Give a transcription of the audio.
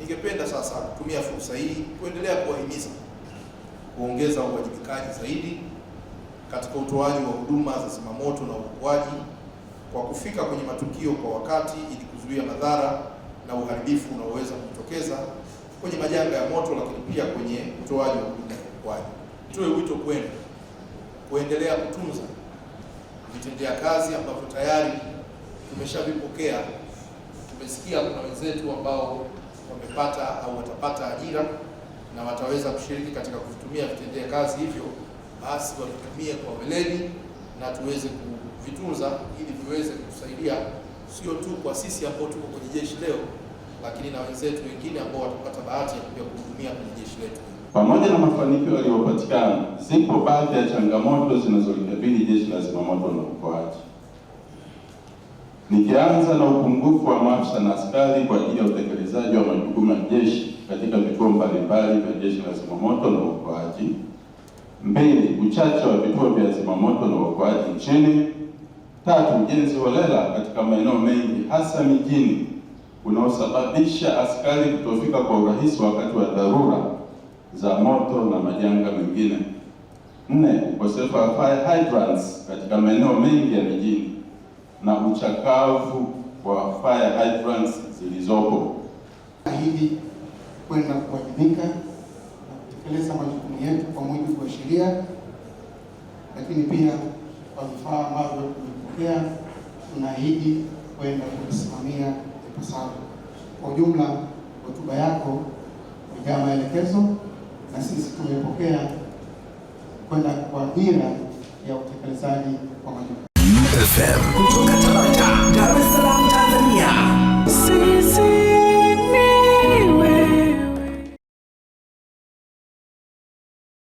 Ningependa sasa kutumia fursa hii kuendelea kuwahimiza kuongeza uwajibikaji zaidi katika utoaji wa huduma za zimamoto na uokoaji kwa kufika kwenye matukio kwa wakati ili kuzuia madhara na uharibifu unaoweza kujitokeza kwenye majanga ya moto, lakini pia kwenye utoaji wa huduma za uokoaji. Tuwe wito kwenu kuendelea kutunza vitendea kazi ambavyo tayari tumeshavipokea. Tumesikia kuna wenzetu ambao wamepata au watapata ajira na wataweza kushiriki katika kuvitumia vitendea kazi hivyo, basi wavitumie kwa weledi na tuweze kuvitunza ili viweze kutusaidia sio tu kwa sisi ambao tuko kwenye jeshi leo, lakini na wenzetu wengine ambao watapata bahati ya kuja kuhudumia kwenye jeshi letu. Pamoja na mafanikio yaliyopatikana, zipo baadhi ya changamoto zinazolikabili jeshi la zimamoto na uokoaji. Nikianza na upungufu wa maafisa na askari kwa ajili ya utekelezaji wa majukumu ya jeshi katika vituo mbalimbali vya jeshi la zimamoto na uokoaji. Mbili, uchache wa vituo vya zimamoto na uokoaji nchini. Tatu, ujenzi holela katika maeneo mengi hasa mijini unaosababisha askari kutofika kwa urahisi wakati wa dharura za moto na majanga mengine. Nne, ukosefu wa fire hydrants katika maeneo mengi ya mijini na uchakavu wa fire hydrants zilizopo. Ahidi kwenda kuwajibika na kutekeleza majukumu yetu kwa mujibu wa sheria, lakini pia kwa vifaa ambavyo tumepokea tunaahidi kwenda kuvisimamia ipasavyo. Kwa ujumla, hotuba yako imejaa maelekezo na sisi tumepokea kwenda kwa dira ya utekelezaji. FM.